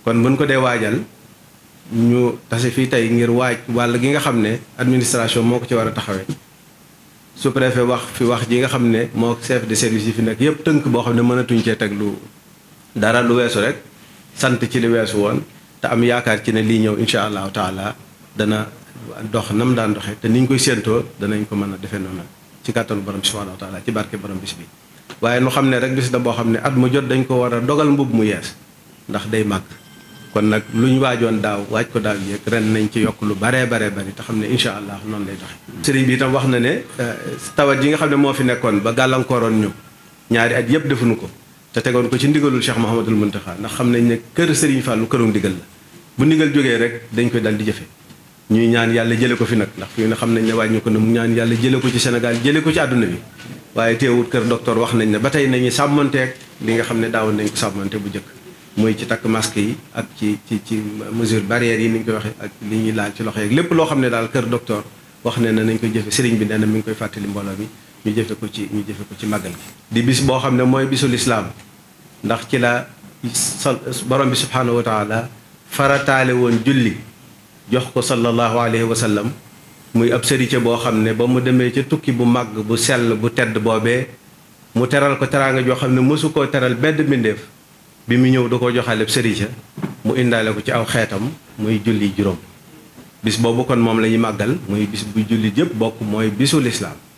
kon buñ ko dee waajal ñu tase fii tey ngir waaj wàll gi nga xam ne administration moo ko ci war a taxawee su préfet wax fi wax ji nga xam ne moo chef de service yi fi nekk yëpp tënk boo xam ne mënatuñ cee teg lu dara lu weesu rek sant ci li weesu woon te am yaakaar ci ne lii ñëw incha allahu taala dana dox nam daan doxe te niñ koy séentoo danañ ko mën a defee noonu ci kàttanu borom bi subhanahu wa taala ci barke borom bis bi waaye nu xam ne rek bis da boo xam ne at mu jot dañ ko war a dogal mbubb mu yees ndax day màgg kon nag lu ñu waajoon daaw waaj ko daaw yéeg ren nañ ci yokk lu baree baree bari te xam ne incha allah noonu lay doxe sëriñ bi itam wax na ne euh, tawat yi nga xam ne moo fi nekkoon ba gàllankooroon ñu ñaari at yëpp defuñu ko te tegoon ko ci ndigalul Cheikh Mouhamadul Mountakha ndax xam nañ ne kër sëriñ Fallou këru ndigal la bu ndigal jógee rek dañ koy dal di jëfe ñuy ñaan yàlla jële ko fi nag ndax fi ne xam nañ ne wàññi ko ne mu ñaan yàlla jële ko ci Sénégal jële ko ci àdduna bi waaye teewut kër docteur wax nañ ne ba tey nañu sàmmanteeg li nga xam ne daawoon nañ ko sàmmante bu jëkk mooy ci takk masque yi ak ci ci ci mesure barrière yi ni ñu koy waxee ak li ñuy laal ci loxo yeeg lépp loo xam ne daal kër docteur wax ne na nañ koy jëfe sëriñ bi nee mu mi ngi koy fàttali mbooloo mi ñu jëfe ko ci ñu jëfe ci màggal gi di bis boo xam ne mooy bisu lislaam ndax ci la borom bi subhaanahu wa taala farataale woon julli jox ko sallallahu alayhi wa sallam muy ab sëriñ boo xam ne ba mu demee ca tukki bu màgg bu sell bu tedd boobee mu teral ko teraanga joo xam ne mësu koo teral benn mbindeef bi mu ñëw da ko joxale sëriñ mu indaale ko ci aw xeetam muy julli juróom bis boobu kon moom la ñuy màggal muy bis bu jullit yëpp bokk mooy bisu lislaam